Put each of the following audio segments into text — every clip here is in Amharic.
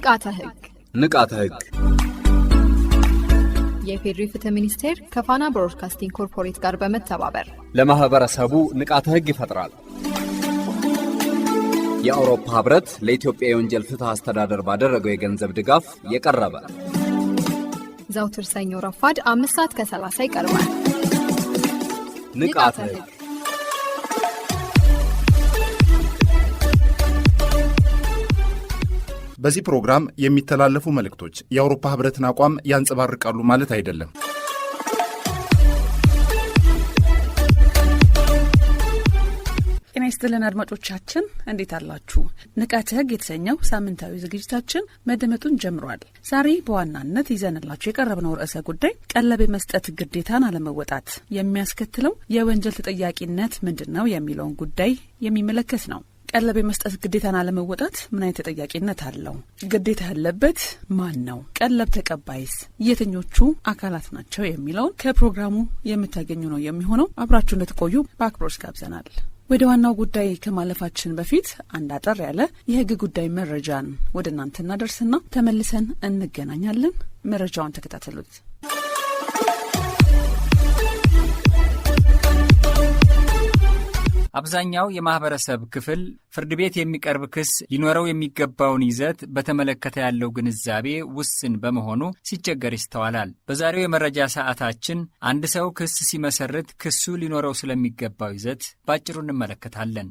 ንቃተ ህግ ንቃተ ህግ የፌዴሪ ፍትህ ሚኒስቴር ከፋና ብሮድካስቲንግ ኮርፖሬት ጋር በመተባበር ለማህበረሰቡ ንቃተ ህግ ይፈጥራል። የአውሮፓ ህብረት ለኢትዮጵያ የወንጀል ፍትህ አስተዳደር ባደረገው የገንዘብ ድጋፍ የቀረበ ዘውትር ሰኞ ረፋድ አምስት ሰዓት ከ30 ይቀርባል። ንቃተ ህግ በዚህ ፕሮግራም የሚተላለፉ መልእክቶች የአውሮፓ ህብረትን አቋም ያንጸባርቃሉ ማለት አይደለም። ጤና ይስጥልን አድማጮቻችን፣ እንዴት አላችሁ? ንቃተ ህግ የተሰኘው ሳምንታዊ ዝግጅታችን መደመጡን ጀምሯል። ዛሬ በዋናነት ይዘንላችሁ የቀረብነው ርዕሰ ጉዳይ ቀለብ የመስጠት ግዴታን አለመወጣት የሚያስከትለው የወንጀል ተጠያቂነት ምንድን ነው የሚለውን ጉዳይ የሚመለከት ነው። ቀለብ የመስጠት ግዴታን አለመወጣት ምን አይነት ተጠያቂነት አለው? ግዴታ ያለበት ማን ነው? ቀለብ ተቀባይስ የትኞቹ አካላት ናቸው? የሚለውን ከፕሮግራሙ የምታገኙ ነው የሚሆነው። አብራችሁ እንደተቆዩ በአክብሮት ጋብዘናል። ወደ ዋናው ጉዳይ ከማለፋችን በፊት አንድ አጠር ያለ የህግ ጉዳይ መረጃን ወደ እናንተ እናደርስና ተመልሰን እንገናኛለን። መረጃውን ተከታተሉት። አብዛኛው የማህበረሰብ ክፍል ፍርድ ቤት የሚቀርብ ክስ ሊኖረው የሚገባውን ይዘት በተመለከተ ያለው ግንዛቤ ውስን በመሆኑ ሲቸገር ይስተዋላል። በዛሬው የመረጃ ሰዓታችን አንድ ሰው ክስ ሲመሰርት ክሱ ሊኖረው ስለሚገባው ይዘት ባጭሩ እንመለከታለን።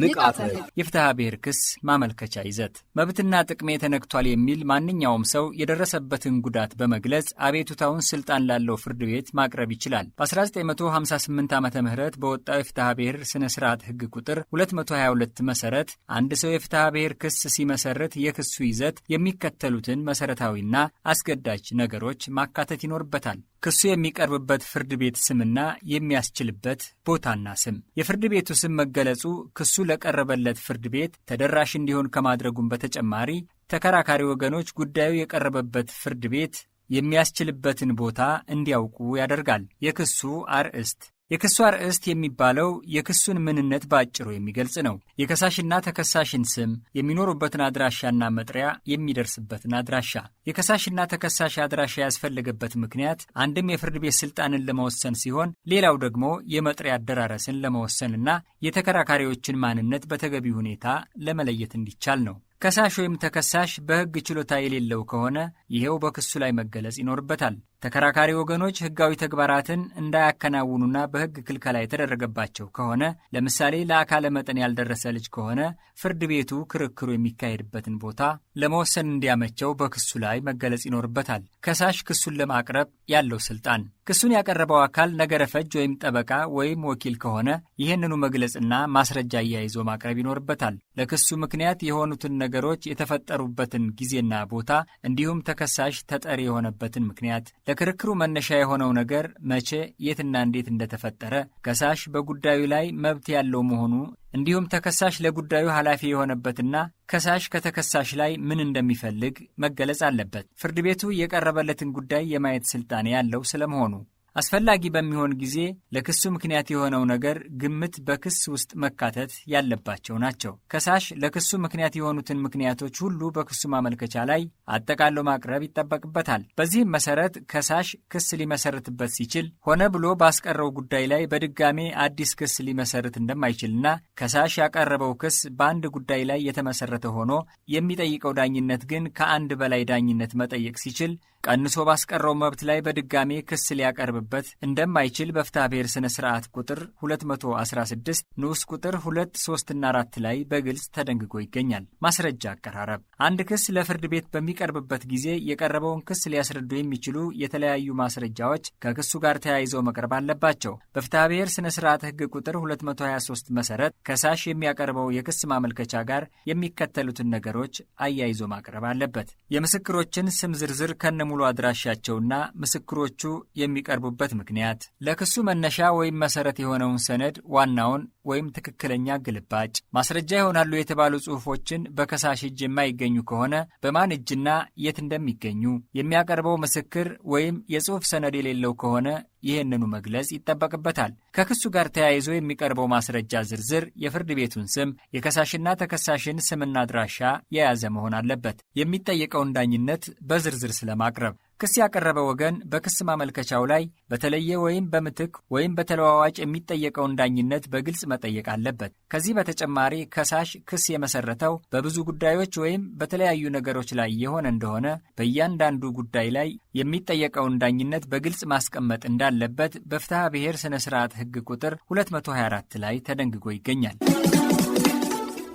ንቃተ የፍትሐ ብሔር ክስ ማመልከቻ ይዘት መብትና ጥቅሜ ተነክቷል የሚል ማንኛውም ሰው የደረሰበትን ጉዳት በመግለጽ አቤቱታውን ስልጣን ላለው ፍርድ ቤት ማቅረብ ይችላል። በ1958 ዓ ም በወጣው የፍትሐ ብሔር ስነ ስርዓት ህግ ቁጥር 222 መሰረት አንድ ሰው የፍትሐ ብሔር ክስ ሲመሰርት የክሱ ይዘት የሚከተሉትን መሰረታዊና አስገዳጅ ነገሮች ማካተት ይኖርበታል። ክሱ የሚቀርብበት ፍርድ ቤት ስምና የሚያስችልበት ቦታና ስም። የፍርድ ቤቱ ስም መገለጹ ክሱ ለቀረበለት ፍርድ ቤት ተደራሽ እንዲሆን ከማድረጉም በተጨማሪ ተከራካሪ ወገኖች ጉዳዩ የቀረበበት ፍርድ ቤት የሚያስችልበትን ቦታ እንዲያውቁ ያደርጋል። የክሱ አርእስት የክሱ አርዕስት የሚባለው የክሱን ምንነት በአጭሩ የሚገልጽ ነው። የከሳሽና ተከሳሽን ስም፣ የሚኖሩበትን አድራሻና መጥሪያ፣ የሚደርስበትን አድራሻ። የከሳሽና ተከሳሽ አድራሻ ያስፈለገበት ምክንያት አንድም የፍርድ ቤት ስልጣንን ለመወሰን ሲሆን፣ ሌላው ደግሞ የመጥሪያ አደራረስን ለመወሰንና የተከራካሪዎችን ማንነት በተገቢ ሁኔታ ለመለየት እንዲቻል ነው። ከሳሽ ወይም ተከሳሽ በሕግ ችሎታ የሌለው ከሆነ ይሄው በክሱ ላይ መገለጽ ይኖርበታል። ተከራካሪ ወገኖች ህጋዊ ተግባራትን እንዳያከናውኑና በህግ ክልከላ የተደረገባቸው ከሆነ ለምሳሌ ለአካለ መጠን ያልደረሰ ልጅ ከሆነ ፍርድ ቤቱ ክርክሩ የሚካሄድበትን ቦታ ለመወሰን እንዲያመቸው በክሱ ላይ መገለጽ ይኖርበታል። ከሳሽ ክሱን ለማቅረብ ያለው ስልጣን ክሱን ያቀረበው አካል ነገረ ፈጅ ወይም ጠበቃ ወይም ወኪል ከሆነ ይህንኑ መግለጽና ማስረጃ አያይዞ ማቅረብ ይኖርበታል። ለክሱ ምክንያት የሆኑትን ነገሮች የተፈጠሩበትን ጊዜና ቦታ እንዲሁም ተከሳሽ ተጠሪ የሆነበትን ምክንያት ለክርክሩ መነሻ የሆነው ነገር መቼ፣ የትና እንዴት እንደተፈጠረ ከሳሽ በጉዳዩ ላይ መብት ያለው መሆኑ እንዲሁም ተከሳሽ ለጉዳዩ ኃላፊ የሆነበትና ከሳሽ ከተከሳሽ ላይ ምን እንደሚፈልግ መገለጽ አለበት። ፍርድ ቤቱ የቀረበለትን ጉዳይ የማየት ስልጣን ያለው ስለመሆኑ አስፈላጊ በሚሆን ጊዜ ለክሱ ምክንያት የሆነው ነገር ግምት በክስ ውስጥ መካተት ያለባቸው ናቸው። ከሳሽ ለክሱ ምክንያት የሆኑትን ምክንያቶች ሁሉ በክሱ ማመልከቻ ላይ አጠቃሎ ማቅረብ ይጠበቅበታል። በዚህም መሰረት ከሳሽ ክስ ሊመሰርትበት ሲችል ሆነ ብሎ ባስቀረው ጉዳይ ላይ በድጋሜ አዲስ ክስ ሊመሰርት እንደማይችልና ከሳሽ ያቀረበው ክስ በአንድ ጉዳይ ላይ የተመሰረተ ሆኖ የሚጠይቀው ዳኝነት ግን ከአንድ በላይ ዳኝነት መጠየቅ ሲችል ቀንሶ ባስቀረው መብት ላይ በድጋሜ ክስ ሊያቀርብበት እንደማይችል በፍትሐ ብሔር ስነ ስርዓት ቁጥር 216 ንዑስ ቁጥር 2፣ 3 እና 4 ላይ በግልጽ ተደንግጎ ይገኛል። ማስረጃ አቀራረብ አንድ ክስ ለፍርድ ቤት በሚቀርብበት ጊዜ የቀረበውን ክስ ሊያስረዱ የሚችሉ የተለያዩ ማስረጃዎች ከክሱ ጋር ተያይዘው መቅረብ አለባቸው። በፍትሐ ብሔር ስነ ስርዓት ህግ ቁጥር 223 መሰረት ከሳሽ የሚያቀርበው የክስ ማመልከቻ ጋር የሚከተሉትን ነገሮች አያይዞ ማቅረብ አለበት። የምስክሮችን ስም ዝርዝር ከነ ሙሉ አድራሻቸውና ምስክሮቹ የሚቀርቡበት ምክንያት፣ ለክሱ መነሻ ወይም መሰረት የሆነውን ሰነድ ዋናውን ወይም ትክክለኛ ግልባጭ፣ ማስረጃ ይሆናሉ የተባሉ ጽሑፎችን በከሳሽ እጅ የማይገኙ ከሆነ በማን እጅና የት እንደሚገኙ የሚያቀርበው ምስክር ወይም የጽሑፍ ሰነድ የሌለው ከሆነ ይህንኑ መግለጽ ይጠበቅበታል። ከክሱ ጋር ተያይዞ የሚቀርበው ማስረጃ ዝርዝር የፍርድ ቤቱን ስም፣ የከሳሽና ተከሳሽን ስምና አድራሻ የያዘ መሆን አለበት። የሚጠየቀውን ዳኝነት በዝርዝር ስለማቅረብ ክስ ያቀረበ ወገን በክስ ማመልከቻው ላይ በተለየ ወይም በምትክ ወይም በተለዋዋጭ የሚጠየቀውን ዳኝነት በግልጽ መጠየቅ አለበት። ከዚህ በተጨማሪ ከሳሽ ክስ የመሰረተው በብዙ ጉዳዮች ወይም በተለያዩ ነገሮች ላይ የሆነ እንደሆነ በእያንዳንዱ ጉዳይ ላይ የሚጠየቀውን ዳኝነት በግልጽ ማስቀመጥ እንዳለበት በፍትሐ ብሔር ስነስርዓት ህግ ቁጥር 224 ላይ ተደንግጎ ይገኛል።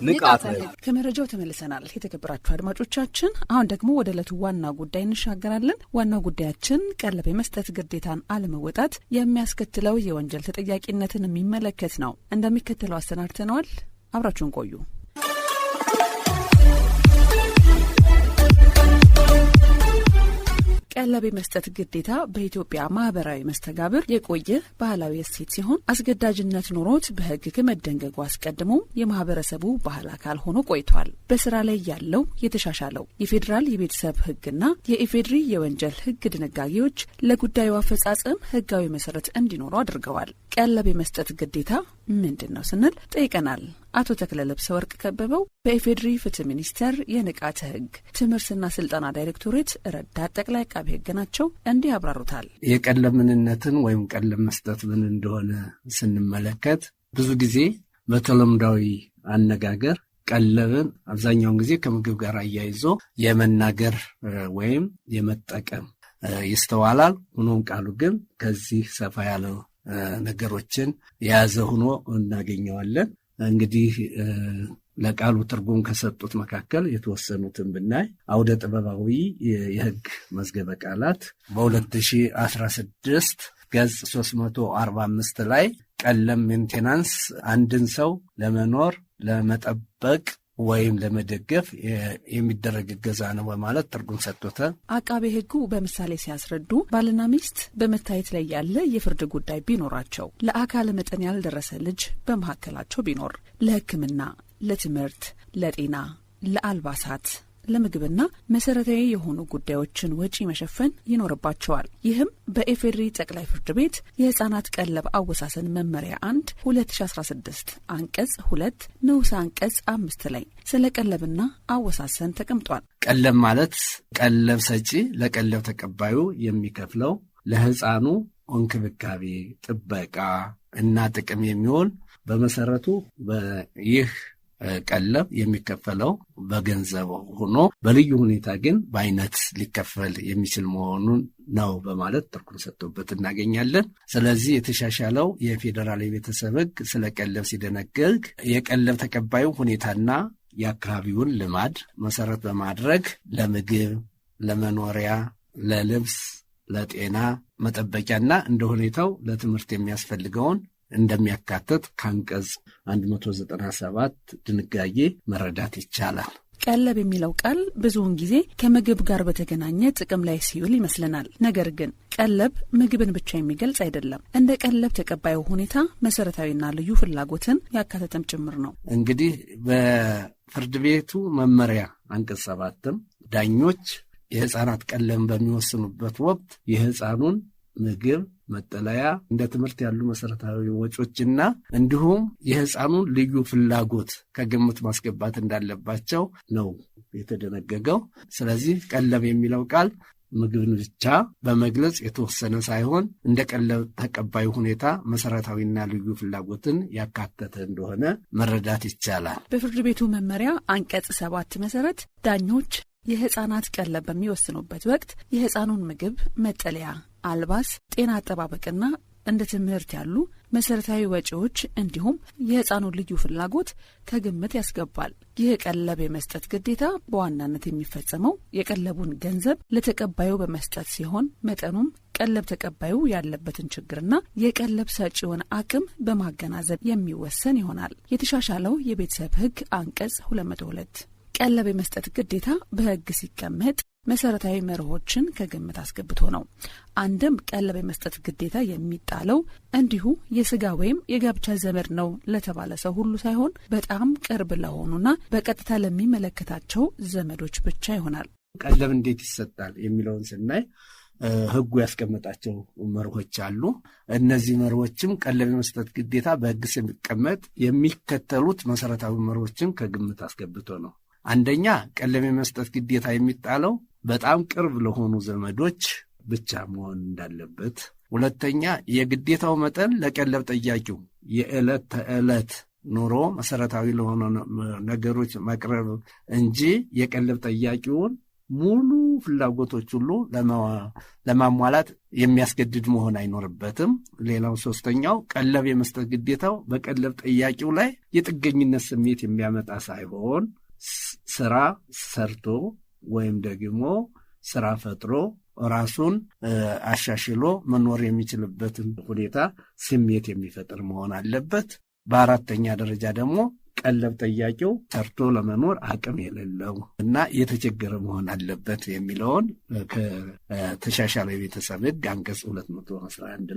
ንቃት ህግ። ከመረጃው ተመልሰናል። የተከበራችሁ አድማጮቻችን፣ አሁን ደግሞ ወደ ዕለቱ ዋና ጉዳይ እንሻገራለን። ዋናው ጉዳያችን ቀለብ የመስጠት ግዴታን አለመወጣት የሚያስከትለው የወንጀል ተጠያቂነትን የሚመለከት ነው። እንደሚከተለው አሰናድተነዋል። አብራችሁን ቆዩ። ቀለብ የመስጠት ግዴታ በኢትዮጵያ ማህበራዊ መስተጋብር የቆየ ባህላዊ እሴት ሲሆን አስገዳጅነት ኖሮት በህግ ከመደንገጉ አስቀድሞ የማህበረሰቡ ባህል አካል ሆኖ ቆይቷል። በስራ ላይ ያለው የተሻሻለው የፌዴራል የቤተሰብ ህግና የኢፌዴሪ የወንጀል ህግ ድንጋጌዎች ለጉዳዩ አፈጻጸም ህጋዊ መሰረት እንዲኖሩ አድርገዋል። ቀለብ የመስጠት ግዴታ ምንድን ነው ስንል ጠይቀናል። አቶ ተክለ ልብሰ ወርቅ ከበበው በኢፌዴሪ ፍትህ ሚኒስቴር የንቃተ ህግ ትምህርትና ስልጠና ዳይሬክቶሬት ረዳት ጠቅላይ አቃቤ ህግ ናቸው። እንዲህ ያብራሩታል። የቀለ ምንነትን ወይም ቀለም መስጠት ምን እንደሆነ ስንመለከት ብዙ ጊዜ በተለምዳዊ አነጋገር ቀለብን አብዛኛውን ጊዜ ከምግብ ጋር አያይዞ የመናገር ወይም የመጠቀም ይስተዋላል። ሆኖም ቃሉ ግን ከዚህ ሰፋ ያለ ነገሮችን የያዘ ሆኖ እናገኘዋለን። እንግዲህ ለቃሉ ትርጉም ከሰጡት መካከል የተወሰኑትን ብናይ አውደ ጥበባዊ የሕግ መዝገበ ቃላት በ2016 ገጽ 345 ላይ ቀለም ሜንቴናንስ አንድን ሰው ለመኖር ለመጠበቅ ወይም ለመደገፍ የሚደረግ እገዛ ነው በማለት ትርጉም ሰጥቶታል። አቃቤ ሕጉ በምሳሌ ሲያስረዱ ባልና ሚስት በመታየት ላይ ያለ የፍርድ ጉዳይ ቢኖራቸው፣ ለአካለ መጠን ያልደረሰ ልጅ በመካከላቸው ቢኖር፣ ለሕክምና፣ ለትምህርት፣ ለጤና፣ ለአልባሳት ለምግብና መሰረታዊ የሆኑ ጉዳዮችን ወጪ መሸፈን ይኖርባቸዋል። ይህም በኤፌድሪ ጠቅላይ ፍርድ ቤት የህጻናት ቀለብ አወሳሰን መመሪያ አንድ 2016 አንቀጽ ሁለት ንዑስ አንቀጽ አምስት ላይ ስለ ቀለብና አወሳሰን ተቀምጧል። ቀለብ ማለት ቀለብ ሰጪ ለቀለብ ተቀባዩ የሚከፍለው ለህፃኑ እንክብካቤ፣ ጥበቃ እና ጥቅም የሚሆን በመሰረቱ ይህ ቀለብ የሚከፈለው በገንዘብ ሆኖ በልዩ ሁኔታ ግን በአይነት ሊከፈል የሚችል መሆኑን ነው በማለት ትርጉም ሰጥቶበት እናገኛለን። ስለዚህ የተሻሻለው የፌዴራል የቤተሰብ ሕግ ስለ ቀለብ ሲደነግግ የቀለብ ተቀባዩ ሁኔታና የአካባቢውን ልማድ መሰረት በማድረግ ለምግብ፣ ለመኖሪያ፣ ለልብስ፣ ለጤና መጠበቂያና እንደ ሁኔታው ለትምህርት የሚያስፈልገውን እንደሚያካትት ከአንቀጽ 197 ድንጋጌ መረዳት ይቻላል። ቀለብ የሚለው ቃል ብዙውን ጊዜ ከምግብ ጋር በተገናኘ ጥቅም ላይ ሲውል ይመስለናል። ነገር ግን ቀለብ ምግብን ብቻ የሚገልጽ አይደለም። እንደ ቀለብ ተቀባዩ ሁኔታ መሰረታዊና ልዩ ፍላጎትን ያካተተም ጭምር ነው። እንግዲህ በፍርድ ቤቱ መመሪያ አንቀጽ ሰባትም ዳኞች የህፃናት ቀለብን በሚወስኑበት ወቅት የህፃኑን ምግብ መጠለያ፣ እንደ ትምህርት ያሉ መሰረታዊ ወጮችና እንዲሁም የህፃኑን ልዩ ፍላጎት ከግምት ማስገባት እንዳለባቸው ነው የተደነገገው። ስለዚህ ቀለብ የሚለው ቃል ምግብን ብቻ በመግለጽ የተወሰነ ሳይሆን እንደ ቀለብ ተቀባዩ ሁኔታ መሰረታዊና ልዩ ፍላጎትን ያካተተ እንደሆነ መረዳት ይቻላል። በፍርድ ቤቱ መመሪያ አንቀጽ ሰባት መሰረት ዳኞች የህፃናት ቀለብ በሚወስኑበት ወቅት የህፃኑን ምግብ፣ መጠለያ፣ አልባስ፣ ጤና አጠባበቅና እንደ ትምህርት ያሉ መሰረታዊ ወጪዎች እንዲሁም የህፃኑን ልዩ ፍላጎት ከግምት ያስገባል። ይህ ቀለብ የመስጠት ግዴታ በዋናነት የሚፈጸመው የቀለቡን ገንዘብ ለተቀባዩ በመስጠት ሲሆን መጠኑም ቀለብ ተቀባዩ ያለበትን ችግርና የቀለብ ሰጪውን አቅም በማገናዘብ የሚወሰን ይሆናል። የተሻሻለው የቤተሰብ ህግ አንቀጽ 202 ቀለብ የመስጠት ግዴታ በህግ ሲቀመጥ መሰረታዊ መርሆችን ከግምት አስገብቶ ነው። አንድም ቀለብ የመስጠት ግዴታ የሚጣለው እንዲሁ የስጋ ወይም የጋብቻ ዘመድ ነው ለተባለ ሰው ሁሉ ሳይሆን በጣም ቅርብ ለሆኑና በቀጥታ ለሚመለከታቸው ዘመዶች ብቻ ይሆናል። ቀለብ እንዴት ይሰጣል የሚለውን ስናይ ህጉ ያስቀመጣቸው መርሆች አሉ። እነዚህ መርሆችም ቀለብ የመስጠት ግዴታ በህግ ሲቀመጥ የሚከተሉት መሰረታዊ መርሆችን ከግምት አስገብቶ ነው አንደኛ ቀለብ የመስጠት ግዴታ የሚጣለው በጣም ቅርብ ለሆኑ ዘመዶች ብቻ መሆን እንዳለበት፣ ሁለተኛ የግዴታው መጠን ለቀለብ ጠያቂው የዕለት ተዕለት ኑሮ መሰረታዊ ለሆነ ነገሮች መቅረብ እንጂ የቀለብ ጠያቂውን ሙሉ ፍላጎቶች ሁሉ ለማሟላት የሚያስገድድ መሆን አይኖርበትም። ሌላው ሶስተኛው ቀለብ የመስጠት ግዴታው በቀለብ ጠያቂው ላይ የጥገኝነት ስሜት የሚያመጣ ሳይሆን ስራ ሰርቶ ወይም ደግሞ ስራ ፈጥሮ ራሱን አሻሽሎ መኖር የሚችልበትን ሁኔታ ስሜት የሚፈጥር መሆን አለበት። በአራተኛ ደረጃ ደግሞ ቀለብ ጠያቂው ሰርቶ ለመኖር አቅም የሌለው እና የተቸገረ መሆን አለበት የሚለውን ከተሻሻለ ቤተሰብ ሕግ አንቀጽ ሁለት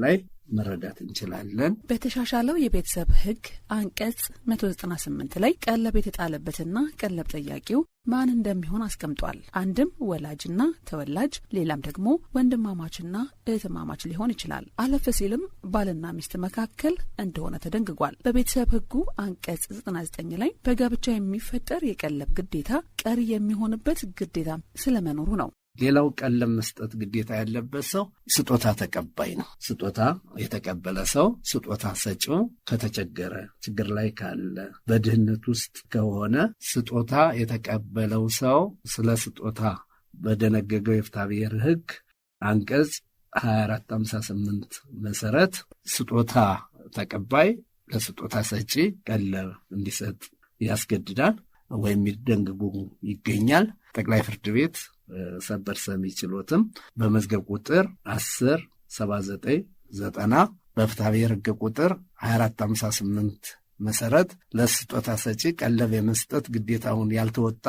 ላይ መረዳት እንችላለን። በተሻሻለው የቤተሰብ ህግ አንቀጽ 198 ላይ ቀለብ የተጣለበትና ቀለብ ጠያቂው ማን እንደሚሆን አስቀምጧል። አንድም ወላጅና ተወላጅ፣ ሌላም ደግሞ ወንድማማችና እህትማማች ሊሆን ይችላል። አለፍ ሲልም ባልና ሚስት መካከል እንደሆነ ተደንግጓል። በቤተሰብ ሕጉ አንቀጽ 99 ላይ በጋብቻ የሚፈጠር የቀለብ ግዴታ ቀሪ የሚሆንበት ግዴታ ስለመኖሩ ነው። ሌላው ቀለም መስጠት ግዴታ ያለበት ሰው ስጦታ ተቀባይ ነው። ስጦታ የተቀበለ ሰው ስጦታ ሰጪው ከተቸገረ፣ ችግር ላይ ካለ፣ በድህነት ውስጥ ከሆነ ስጦታ የተቀበለው ሰው ስለ ስጦታ በደነገገው የፍትሐብሔር ሕግ አንቀጽ 2458 መሰረት ስጦታ ተቀባይ ለስጦታ ሰጪ ቀለብ እንዲሰጥ ያስገድዳል። ወይም ደንግጎ ይገኛል። ጠቅላይ ፍርድ ቤት ሰበር ሰሚ ችሎትም በመዝገብ ቁጥር 10 79 90 በፍትሐ ብሔር ሕግ ቁጥር 2458 መሰረት ለስጦታ ሰጪ ቀለብ የመስጠት ግዴታውን ያልተወጣ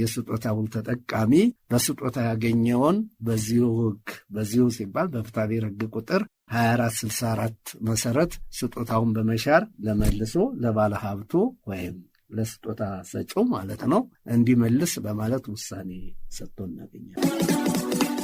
የስጦታውን ተጠቃሚ በስጦታ ያገኘውን በዚሁ ሕግ በዚሁ ሲባል በፍትሐ ብሔር ሕግ ቁጥር 2464 መሰረት ስጦታውን በመሻር ለመልሶ ለባለ ሀብቱ ወይም ለስጦታ ሰጪው ማለት ነው እንዲመልስ በማለት ውሳኔ ሰጥቶ እናገኛለን።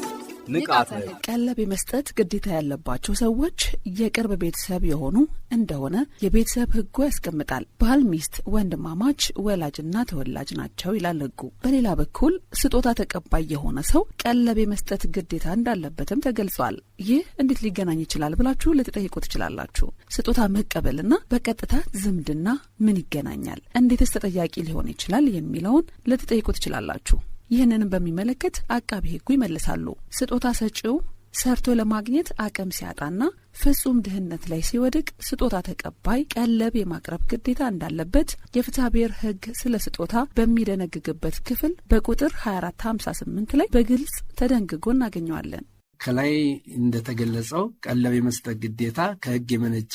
ንቃተ ቀለብ የመስጠት ግዴታ ያለባቸው ሰዎች የቅርብ ቤተሰብ የሆኑ እንደሆነ የቤተሰብ ህጉ ያስቀምጣል። ባል፣ ሚስት፣ ወንድማማች፣ ወላጅና ተወላጅ ናቸው ይላል ህጉ በሌላ በኩል ስጦታ ተቀባይ የሆነ ሰው ቀለብ የመስጠት ግዴታ እንዳለበትም ተገልጿል። ይህ እንዴት ሊገናኝ ይችላል ብላችሁ ልትጠይቁ ትችላላችሁ። ስጦታ መቀበልና በቀጥታ ዝምድና ምን ይገናኛል? እንዴትስ ተጠያቂ ሊሆን ይችላል የሚለውን ልትጠይቁ ትችላላችሁ። ይህንንም በሚመለከት አቃቢ ሕጉ ይመልሳሉ። ስጦታ ሰጪው ሰርቶ ለማግኘት አቅም ሲያጣና ፍጹም ድህነት ላይ ሲወድቅ ስጦታ ተቀባይ ቀለብ የማቅረብ ግዴታ እንዳለበት የፍትሐ ብሔር ሕግ ስለ ስጦታ በሚደነግግበት ክፍል በቁጥር 2458 ላይ በግልጽ ተደንግጎ እናገኘዋለን። ከላይ እንደተገለጸው ቀለብ የመስጠት ግዴታ ከሕግ የመነጨ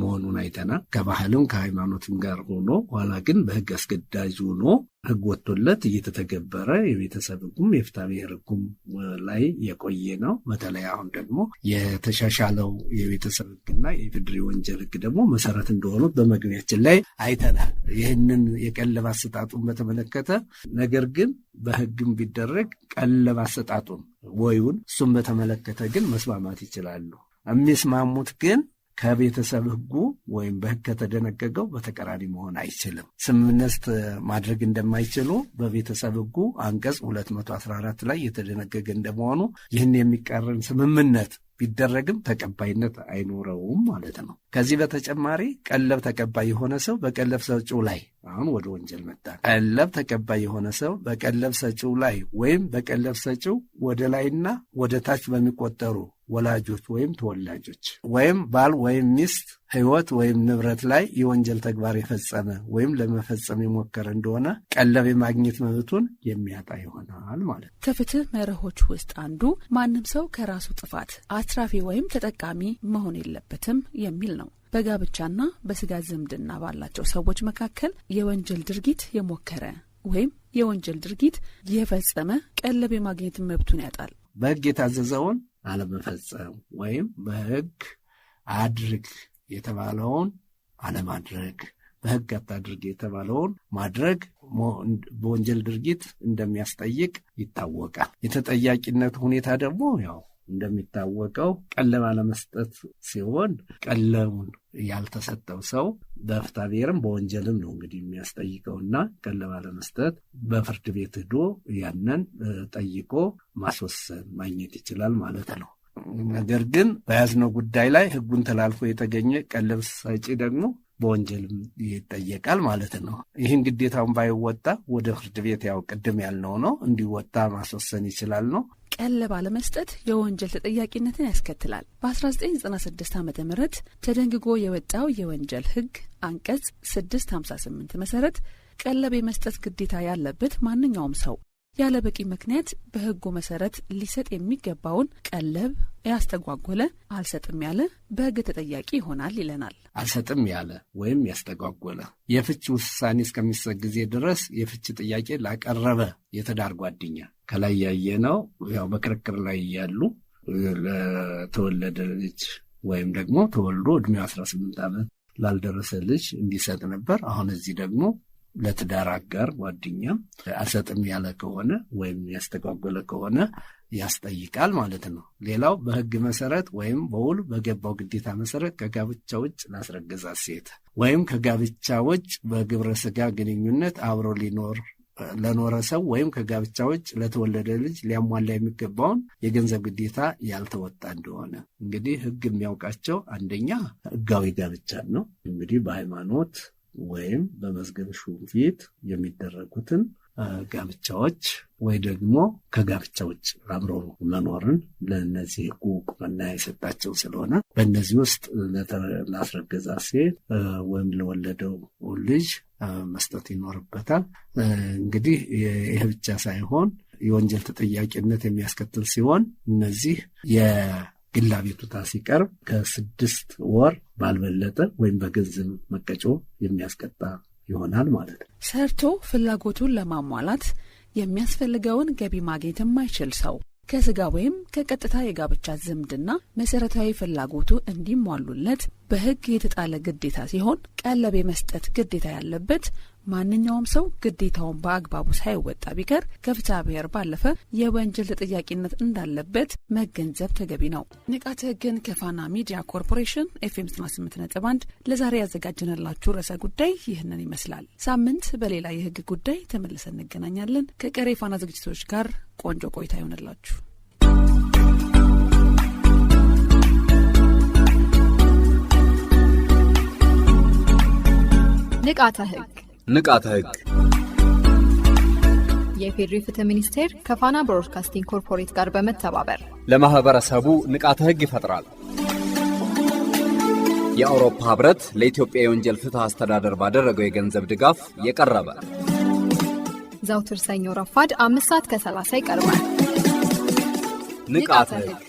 መሆኑን አይተናል። ከባህልም ከሃይማኖትም ጋር ሆኖ ኋላ ግን በህግ አስገዳጅ ሆኖ ህግ ወጥቶለት እየተተገበረ የቤተሰብ ህጉም የፍታ ብሔር ህጉም ላይ የቆየ ነው። በተለይ አሁን ደግሞ የተሻሻለው የቤተሰብ ህግና የፍድሪ ወንጀል ህግ ደግሞ መሰረት እንደሆኑት በመግቢያችን ላይ አይተናል። ይህንን የቀለብ አሰጣጡን በተመለከተ ነገር ግን በህግም ቢደረግ ቀለብ አሰጣጡን ወይውን እሱም በተመለከተ ግን መስማማት ይችላሉ። የሚስማሙት ግን ከቤተሰብ ህጉ ወይም በህግ ከተደነገገው በተቀራኒ መሆን አይችልም። ስምምነት ማድረግ እንደማይችሉ በቤተሰብ ህጉ አንቀጽ 214 ላይ የተደነገገ እንደመሆኑ ይህን የሚቀርን ስምምነት ቢደረግም ተቀባይነት አይኖረውም ማለት ነው። ከዚህ በተጨማሪ ቀለብ ተቀባይ የሆነ ሰው በቀለብ ሰጪው ላይ አሁን ወደ ወንጀል መጣ። ቀለብ ተቀባይ የሆነ ሰው በቀለብ ሰጪው ላይ ወይም በቀለብ ሰጪው ወደ ላይና ወደ ታች በሚቆጠሩ ወላጆች ወይም ተወላጆች ወይም ባል ወይም ሚስት ሕይወት ወይም ንብረት ላይ የወንጀል ተግባር የፈጸመ ወይም ለመፈጸም የሞከረ እንደሆነ ቀለብ የማግኘት መብቱን የሚያጣ ይሆናል ማለት ነው። ከፍትህ መርሆች ውስጥ አንዱ ማንም ሰው ከራሱ ጥፋት አትራፊ ወይም ተጠቃሚ መሆን የለበትም የሚል ነው። በጋብቻና በስጋ ዝምድና ባላቸው ሰዎች መካከል የወንጀል ድርጊት የሞከረ ወይም የወንጀል ድርጊት የፈጸመ ቀለብ የማግኘት መብቱን ያጣል። በሕግ የታዘዘውን አለመፈጸም ወይም በህግ አድርግ የተባለውን አለማድረግ በህግ አታድርግ የተባለውን ማድረግ በወንጀል ድርጊት እንደሚያስጠይቅ ይታወቃል። የተጠያቂነት ሁኔታ ደግሞ ያው እንደሚታወቀው ቀለማ ለመስጠት ሲሆን ቀለቡን ያልተሰጠው ሰው በፍታ ብሔርም በወንጀልም ነው እንግዲህ የሚያስጠይቀውና ቀለማ ለመስጠት በፍርድ ቤት ሂዶ ያንን ጠይቆ ማስወሰን ማግኘት ይችላል ማለት ነው። ነገር ግን በያዝነው ጉዳይ ላይ ህጉን ተላልፎ የተገኘ ቀለብ ሰጪ ደግሞ በወንጀልም ይጠየቃል ማለት ነው። ይህን ግዴታውን ባይወጣ ወደ ፍርድ ቤት ያው ቅድም ያልነው ነው እንዲወጣ ማስወሰን ይችላል ነው። ቀለብ አለመስጠት የወንጀል ተጠያቂነትን ያስከትላል። በ1996 ዓ ም ተደንግጎ የወጣው የወንጀል ህግ አንቀጽ 658 መሰረት ቀለብ የመስጠት ግዴታ ያለበት ማንኛውም ሰው ያለ በቂ ምክንያት በህጉ መሰረት ሊሰጥ የሚገባውን ቀለብ ያስተጓጎለ፣ አልሰጥም ያለ በህግ ተጠያቂ ይሆናል ይለናል። አልሰጥም ያለ ወይም ያስተጓጎለ የፍች ውሳኔ እስከሚሰጥ ጊዜ ድረስ የፍች ጥያቄ ላቀረበ የትዳር ጓደኛ ከላይ ያየ ነው ያው በክርክር ላይ እያሉ ለተወለደ ልጅ ወይም ደግሞ ተወልዶ እድሜው 18 ዓመት ላልደረሰ ልጅ እንዲሰጥ ነበር። አሁን እዚህ ደግሞ ለትዳር አጋር ጓደኛ አልሰጥም ያለ ከሆነ ወይም ያስተጓጎለ ከሆነ ያስጠይቃል ማለት ነው። ሌላው በህግ መሰረት ወይም በውል በገባው ግዴታ መሰረት ከጋብቻ ውጭ ላስረገዛት ሴት ወይም ከጋብቻ ውጭ በግብረ ስጋ ግንኙነት አብሮ ሊኖር ለኖረ ሰው ወይም ከጋብቻ ውጭ ለተወለደ ልጅ ሊያሟላ የሚገባውን የገንዘብ ግዴታ ያልተወጣ እንደሆነ እንግዲህ ህግ የሚያውቃቸው አንደኛ ህጋዊ ጋብቻ ነው። እንግዲህ በሃይማኖት ወይም በመዝገብ ሹም ፊት የሚደረጉትን ጋብቻዎች ወይ ደግሞ ከጋብቻ ውጭ አብሮ መኖርን ለእነዚህ ሕጉ ቁመና የሰጣቸው ስለሆነ በእነዚህ ውስጥ ላስረገዛ ሴት ወይም ለወለደው ልጅ መስጠት ይኖርበታል። እንግዲህ ይህ ብቻ ሳይሆን የወንጀል ተጠያቂነት የሚያስከትል ሲሆን እነዚህ የግል አቤቱታ ሲቀርብ ከስድስት ወር ባልበለጠ ወይም በገንዘብ መቀጮ የሚያስቀጣ ይሆናል ማለት ነው። ሰርቶ ፍላጎቱን ለማሟላት የሚያስፈልገውን ገቢ ማግኘት የማይችል ሰው ከስጋ ወይም ከቀጥታ የጋብቻ ዝምድና መሰረታዊ ፍላጎቱ እንዲሟሉለት በህግ የተጣለ ግዴታ ሲሆን ቀለብ የመስጠት ግዴታ ያለበት ማንኛውም ሰው ግዴታውን በአግባቡ ሳይወጣ ቢቀር ከፍትሐ ብሔር ባለፈ የወንጀል ተጠያቂነት እንዳለበት መገንዘብ ተገቢ ነው። ንቃተ ህግን ከፋና ሚዲያ ኮርፖሬሽን ኤፍኤም 1 ለዛሬ ያዘጋጀንላችሁ ርዕሰ ጉዳይ ይህንን ይመስላል። ሳምንት በሌላ የህግ ጉዳይ ተመልሰን እንገናኛለን። ከቀሬ ፋና ዝግጅቶች ጋር ቆንጆ ቆይታ ይሆንላችሁ። ንቃተ ህግ ንቃተ ህግ የኢፌዴሪ ፍትህ ሚኒስቴር ከፋና ብሮድካስቲንግ ኮርፖሬት ጋር በመተባበር ለማህበረሰቡ ንቃተ ህግ ይፈጥራል። የአውሮፓ ህብረት ለኢትዮጵያ የወንጀል ፍትህ አስተዳደር ባደረገው የገንዘብ ድጋፍ የቀረበ ዘውትር ሰኞ ረፋድ አምስት ሰዓት ከ30 ይቀርባል። ንቃተ ህግ